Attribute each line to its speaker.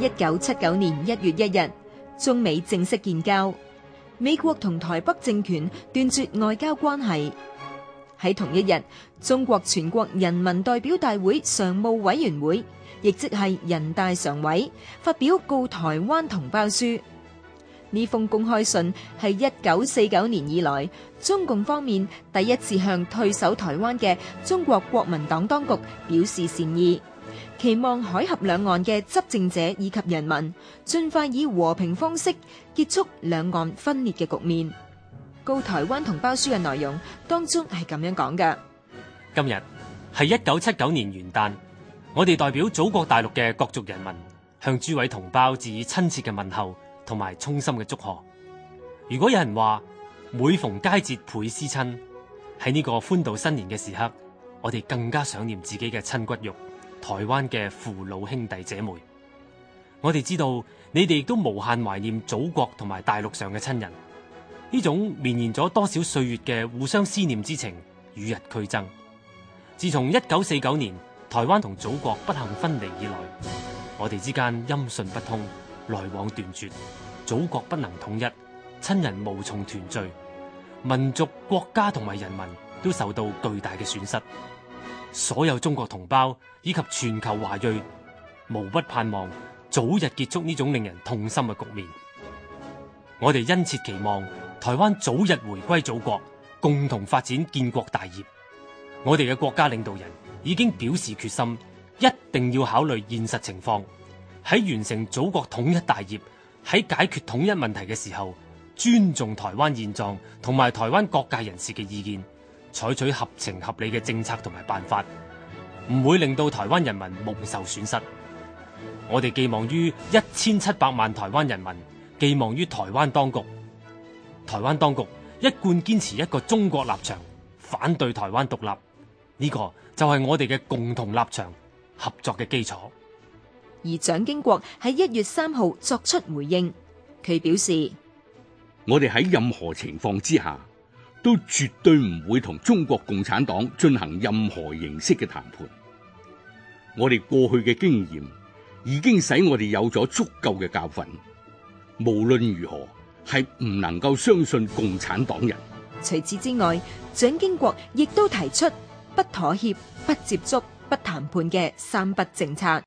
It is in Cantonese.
Speaker 1: 1979年1月1日，呢封公開信係一九四九年以來中共方面第一次向退守台灣嘅中國國民黨當局表示善意，期望海峽兩岸嘅執政者以及人民儘快以和平方式結束兩岸分裂嘅局面。告台灣同胞書嘅內容當中係咁樣講嘅：
Speaker 2: 今日係一九七九年元旦，我哋代表祖國大陸嘅各族人民向諸位同胞致以親切嘅問候。同埋衷心嘅祝賀。如果有人話，每逢佳節倍思親，喺呢個歡度新年嘅時刻，我哋更加想念自己嘅親骨肉，台灣嘅父老兄弟姐妹。我哋知道你哋都無限懷念祖國同埋大陸上嘅親人。呢種綿延咗多少歲月嘅互相思念之情，與日俱增。自從一九四九年台灣同祖國不幸分離以來，我哋之間音訊不通。來往斷絕，祖國不能統一，親人無從團聚，民族、國家同埋人民都受到巨大嘅損失。所有中國同胞以及全球華裔，無不盼望早日結束呢種令人痛心嘅局面。我哋殷切期望台灣早日回歸祖國，共同發展建國大業。我哋嘅國家領導人已經表示決心，一定要考慮現實情況。喺完成祖國統一大業，喺解決統一問題嘅時候，尊重台灣現狀同埋台灣各界人士嘅意見，採取合情合理嘅政策同埋辦法，唔會令到台灣人民蒙受損失。我哋寄望於一千七百萬台灣人民，寄望於台灣當局。台灣當局一貫堅持一個中國立場，反對台灣獨立，呢個就係我哋嘅共同立場，合作嘅基礎。
Speaker 1: 而蔣經國喺一月三號作出回應，佢表示：
Speaker 2: 我哋喺
Speaker 3: 任何情況之下都絕對唔會同中國共產黨進行任何形式嘅談判。我哋過去嘅經驗已經使我哋有咗足夠嘅教訓，無論如何係唔能夠相信共產黨人。
Speaker 1: 除此之外，蔣經國亦都提出不妥協、不接觸、不談判嘅三不政策。